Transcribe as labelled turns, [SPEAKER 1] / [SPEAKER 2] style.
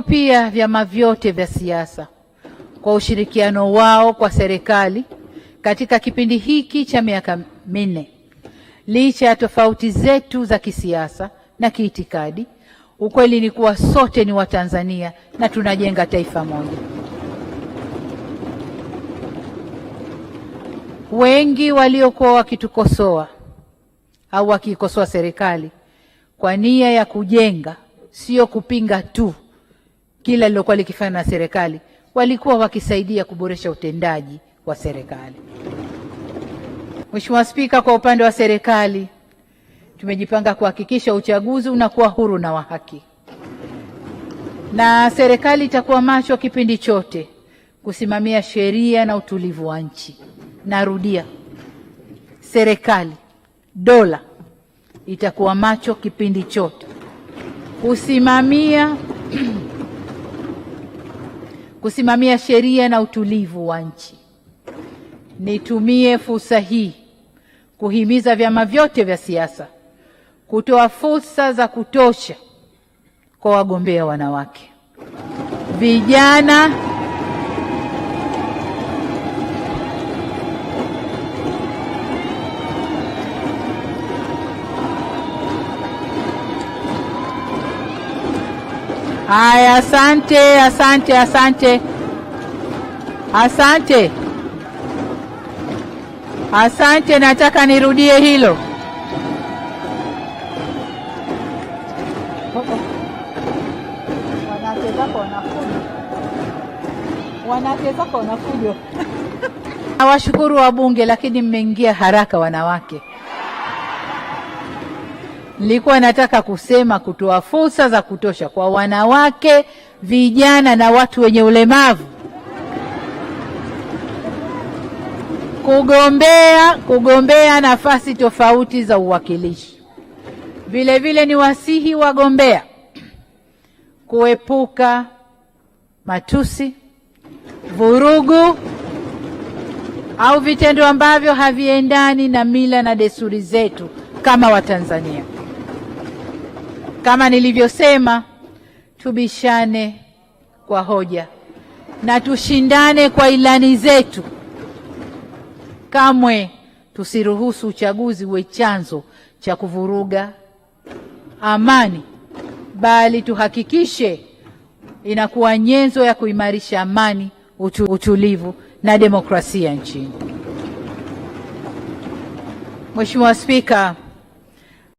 [SPEAKER 1] pia vyama vyote vya, vya siasa kwa ushirikiano wao kwa serikali katika kipindi hiki cha miaka minne. Licha ya tofauti zetu za kisiasa na kiitikadi, ukweli ni kuwa sote ni Watanzania na tunajenga taifa moja. Wengi waliokuwa wakitukosoa au wakiikosoa serikali kwa nia ya kujenga, sio kupinga tu kila lilokuwa likifanywa na serikali walikuwa wakisaidia kuboresha utendaji wa serikali. Mheshimiwa Spika, kwa upande wa serikali tumejipanga kuhakikisha uchaguzi unakuwa huru na wa haki, na serikali itakuwa macho kipindi chote kusimamia sheria na utulivu wa nchi. Narudia, serikali dola itakuwa macho kipindi chote kusimamia kusimamia sheria na utulivu wa nchi. Nitumie fursa hii kuhimiza vyama vyote vya siasa kutoa fursa za kutosha kwa wagombea wanawake, vijana Haya, asante, asante, asante, asante, asante. Nataka nirudie hilo. Wanawake zako Nawashukuru wabunge, lakini mmeingia haraka wanawake. Nilikuwa nataka kusema kutoa fursa za kutosha kwa wanawake, vijana na watu wenye ulemavu kugombea kugombea nafasi tofauti za uwakilishi. Vile vile ni wasihi wagombea kuepuka matusi, vurugu au vitendo ambavyo haviendani na mila na desturi zetu kama Watanzania. Kama nilivyosema, tubishane kwa hoja na tushindane kwa ilani zetu. Kamwe tusiruhusu uchaguzi uwe chanzo cha kuvuruga amani, bali tuhakikishe inakuwa nyenzo ya kuimarisha amani, utu, utulivu na demokrasia nchini. Mheshimiwa Spika,